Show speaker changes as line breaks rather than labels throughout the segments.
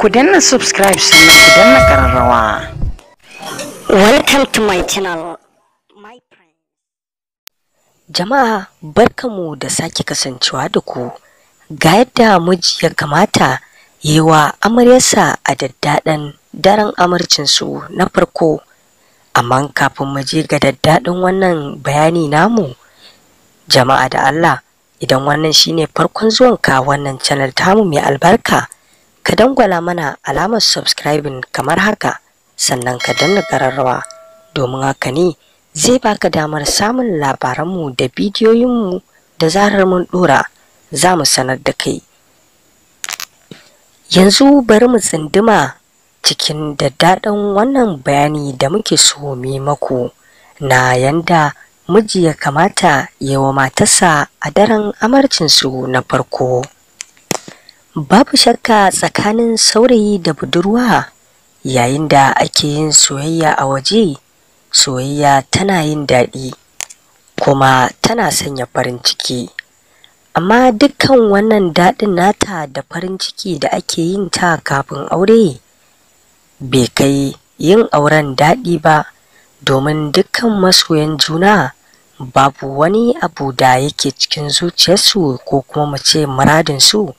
ku danna subscribe sannan ku danna ƙararrawa. Welcome to my channel. My Jama'a barkamu da sake kasancewa da ku ga yadda miji ya kamata yi amaryarsa a daddaɗan daren su na farko. Amma kafin mu je ga daddaɗin wannan bayani namu, jama'a da Allah idan wannan shine farkon zuwanka wannan channel tamu mai albarka. ka dangwala mana alamar subscribing kamar haka sannan ka danna ƙararrawa domin haka ne zai baka damar samun labaranmu da bidiyoyinmu da zarar mun dora za mu sanar da kai yanzu bari mu tsinduma cikin daddaɗin wannan bayani da muke so maku na yanda miji ya kamata ya wa matarsa a daren amarcinsu na farko babu shakka tsakanin saurayi da budurwa yayin da ake yin soyayya a waje soyayya tana yin daɗi kuma tana sanya farin ciki amma dukkan wannan daɗin nata da farin ciki da ake yin ta kafin aure bai kai yin auren daɗi ba domin dukkan masoyan juna babu wani abu da yake cikin zuciyarsu ko kuma mace muradinsu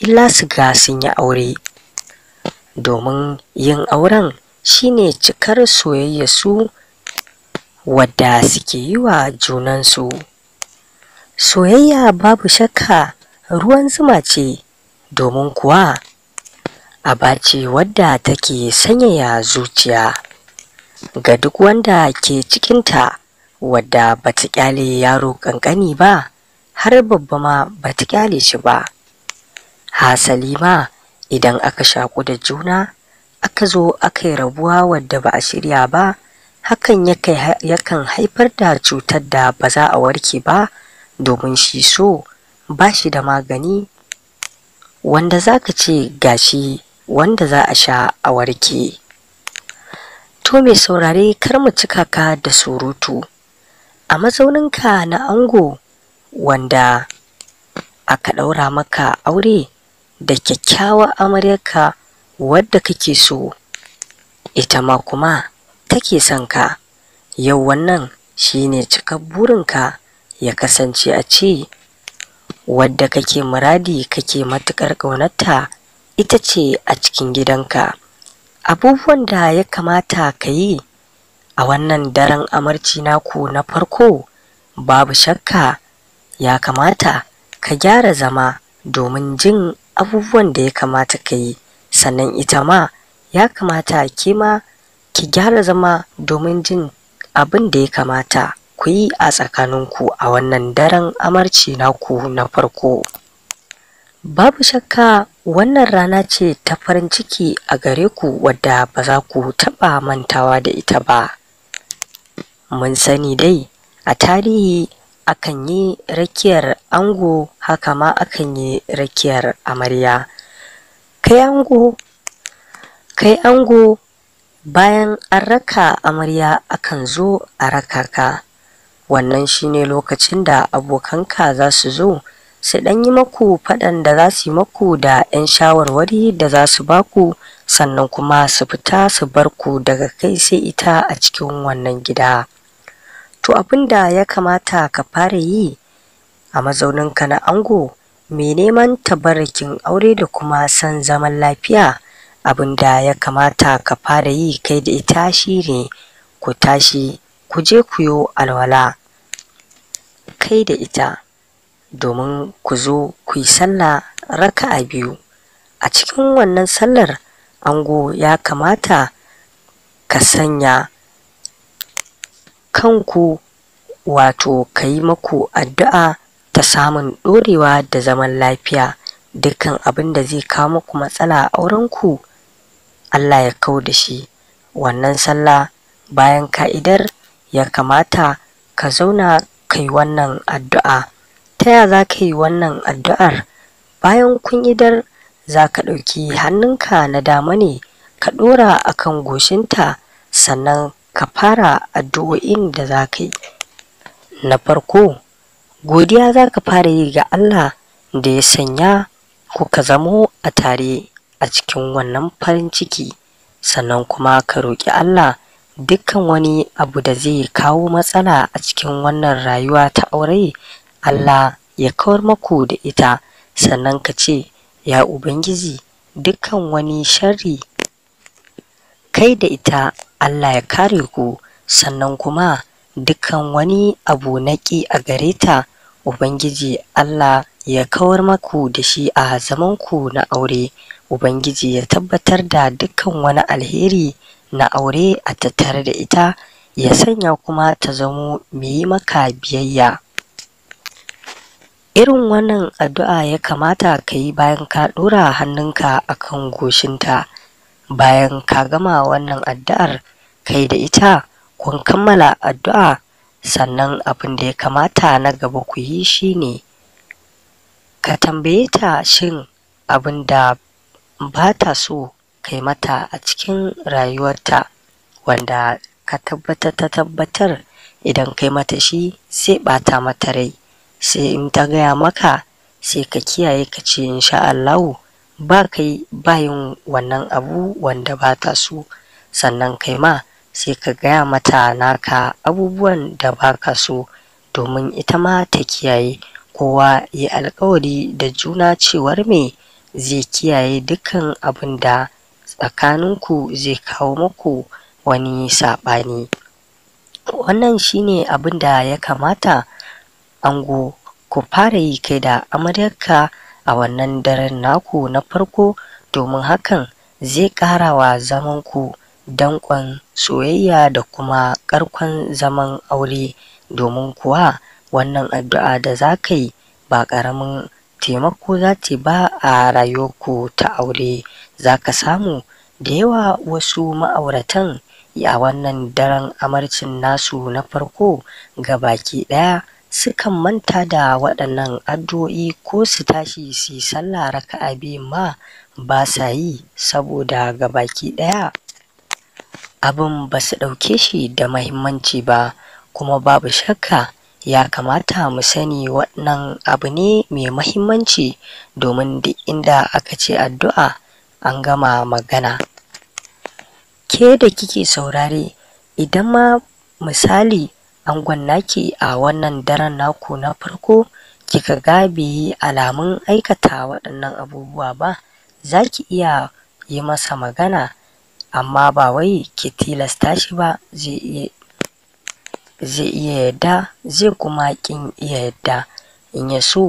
illa su ga sun yi aure domin yin auren shine cikar soyayya su wadda suke yi wa junansu soyayya babu shakka ruwan zuma ce domin kuwa aba ce wadda take sanyaya zuciya ga duk wanda ke cikinta wadda bata kyale yaro kankani ba har babba ma bata kyale shi ba hasali ma idan aka shaku da juna aka zo aka yi rabuwa wadda ba a shirya ba hakan yakan haifar da cutar da ba za a warke ba domin shi so ba shi da magani wanda za ka ce gashi wanda za a sha a warke to mai saurare kar mu cika ka da surutu a mazauninka na ango wanda aka ɗaura maka aure da kyakkyawar amaryarka wadda kake so ita ma kuma take son ka yau wannan shine cikar burinka ya kasance a ce wadda kake muradi kake matuƙar ƙaunarta ita ce a cikin gidanka abubuwan da ya kamata ka yi a wannan daren amarci naku na farko babu shakka ya kamata ka gyara zama domin jin abubuwan da ya kamata ka yi sannan ita ma ya kamata ke ma ki gyara zama domin jin abin da ya kamata ku yi a tsakaninku a wannan daren amarci naku na farko babu shakka wannan rana ce ta farin ciki a gare ku wadda ba za ku taɓa mantawa da ita ba mun sani dai a tarihi akan yi rakiyar ango haka ma akan yi rakiyar amarya kai ango kai ango bayan an raka amarya akan zo a raka ka wannan shine lokacin da abokanka za su zo su ɗan yi maku faɗan da za su yi maku da 'yan shawarwari da za su baku sannan kuma su fita su barku daga kai sai ita a cikin wannan gida. to abin da ya kamata ka fara yi a mazauninka na ango mai neman tabarakin aure da kuma san zaman lafiya abin da ya kamata ka fara yi kai da ita shi ne ku tashi ku je ku yi alwala kai da ita domin ku zo ku yi sallah a biyu a cikin wannan sallar ango ya kamata ka sanya kanku wato ka yi maku addu'a ta samun ɗorewa da zaman lafiya dukkan abin da zai kawo maku matsala a aurenku Allah ya kau da shi wannan sallah bayan ka'idar ya kamata ka zauna ka yi wannan addu'a ta ya za ka yi wannan addu'ar bayan kun idar za ka ɗauki hannunka na dama ne ka ɗora a kan goshinta sannan ka fara addu'o'in da za ka yi na farko godiya za ka fara yi ga allah da ya sanya kuka zamo a tare a cikin wannan farin ciki sannan kuma ka roƙi allah dukkan wani abu da zai kawo matsala a cikin wannan rayuwa ta aure allah ya kawar maku da ita sannan ka ce ya ubangiji dukkan wani sharri kai da ita Allah ya kare ku sannan kuma dukkan wani abu na ƙi a gare ta Ubangiji Allah ya kawar maku da shi a zamanku na aure Ubangiji ya tabbatar da dukkan wani alheri na aure a tattare da ita ya sanya kuma ta zamo mai maka biyayya irin wannan addu'a ya kamata ka yi bayan ka ɗora hannunka a kan goshinta bayan ka gama wannan addu'ar kai da ita kun kammala addu'a sannan abin da ya kamata na gaba ku yi shi ne ka tambaye ta shin abin da ba ta so kai mata a cikin rayuwarta wanda ka tabbatar ta tabbatar idan kai mata shi sai bata mata rai sai in ta gaya maka sai ka kiyaye ka ce insha Allahu ba kai bayin wannan abu wanda ba ta so sannan kai ma sai ka gaya mata naka abubuwan da ba ka so domin ita ma ta kiyaye kowa ya alkawari da juna cewar me zai kiyaye dukkan abin da tsakaninku zai kawo muku wani saɓani wannan shine abin da ya kamata ango ku fara yi kai da amaryarka a wannan daren naku na farko domin hakan zai zaman zamanku danƙon soyayya da kuma ƙarkon zaman aure domin kuwa wannan addu'a da za ka yi ba ƙaramin taimako za ta ba a rayuwarku ta aure za ka samu da yawa wasu ma'auratan a wannan daren amarcin nasu na farko ga baki ɗaya sukan manta da waɗannan addu'o'i ko su tashi su sallah raka'a biyun ma ba sa yi saboda gabaki ɗaya abin ba su ɗauke shi da mahimmanci ba kuma babu shakka ya kamata mu sani wannan abu ne mai mahimmanci domin duk inda aka ce addu'a an gama magana ke da kike saurare idan ma misali angon naki a wannan daren naku na farko kika ga alamun aikata waɗannan abubuwa ba za ki iya yi masa magana amma ba wai ki tilasta shi ba zai iya zai yadda zai kuma kin iya yadda in ya so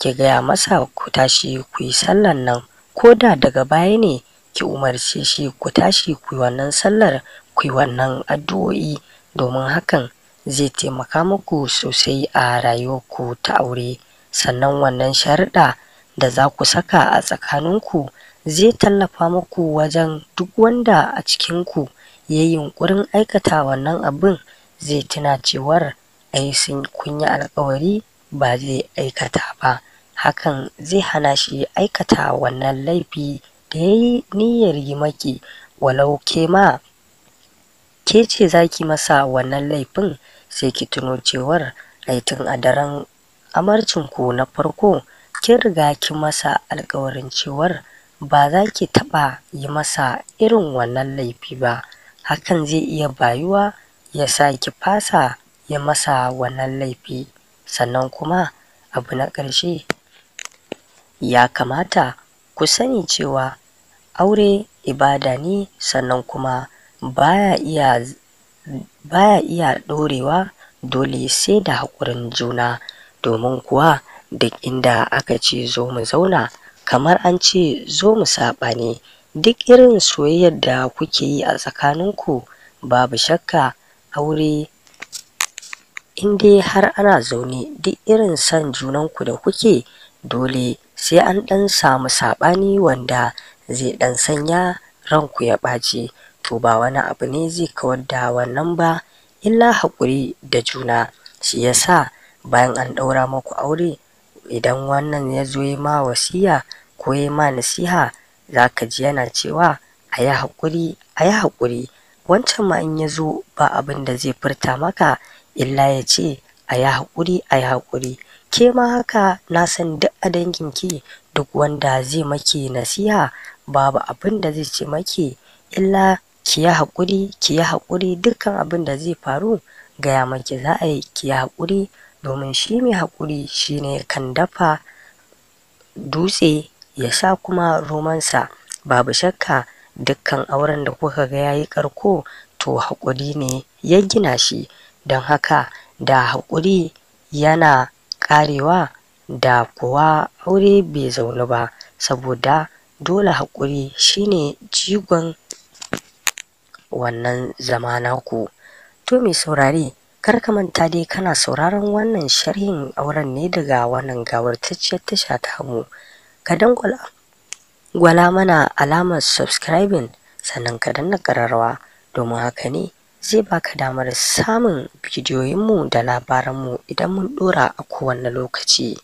ki gaya masa ku tashi ku yi sallan nan ko da daga baya ne ki umarce shi ku tashi ku yi wannan sallar ku yi wannan addu'o'i domin hakan zai taimaka muku sosai a rayuwarku ta aure sannan wannan sharuɗa da za ku saka a tsakaninku zai tallafa muku wajen duk wanda a cikinku ya yi yunƙurin aikata wannan abin zai tuna cewar ai sun kun yi alkawari ba zai aikata ba hakan zai hana shi aikata wannan laifi da ya yi niyyar yi maki walau ke ma ke ce za ki masa wannan laifin sai ki tuno cewar ai a daren amarcin ku na farko kin riga ki masa alƙawarin cewar ba za ki taɓa yi masa irin wannan laifi ba hakan zai iya bayuwa ya sa ki fasa ya masa wannan laifi sannan kuma abu na ƙarshe ya kamata ku sani cewa aure ibada ne sannan kuma baya iya baya iya ɗorewa dole sai da haƙurin juna domin kuwa duk inda aka ce zo mu zauna kamar an ce zo mu saɓani, duk irin soyayyar da kuke yi a tsakaninku babu shakka aure in har ana zaune duk irin son junanku da kuke dole sai an ɗan samu saɓani wanda zai ɗan sanya ranku ya ɓace. to ba wani abu ne zai kawar da wannan ba illa haƙuri da juna shi yasa bayan an ɗaura maku aure idan wannan ya zo yi ma wasiya ko yi ma nasiha za ka ji yana cewa a yi haƙuri a yi haƙuri wancan ma in ya zo ba abin da zai furta maka illa ya ce a yi haƙuri a yi haƙuri ke ma haka na san duk a danginki duk wanda zai maki nasiha babu abin da zai ce maki illa ki yi haƙuri ki haƙuri dukkan abin da zai faru gaya maki za a yi ki yi haƙuri domin shi mai haƙuri shi ne kan dafa dutse ya sa kuma romansa babu shakka dukkan auren da kuka ga yi karko to haƙuri ne ya gina shi don haka da haƙuri yana ƙarewa da kuwa aure bai zaune ba saboda dole haƙuri shine jigon wannan zama ku? To mai saurare karka manta dai kana sauraron wannan sharhin auren ne daga wannan gawartacciyar tasha ta Ka dangwala gwala mana alamar subscribing sannan ka danna ƙararrawa domin haka ne zai baka damar samun bidiyoyinmu da labaranmu idan mun ɗora a kowane lokaci.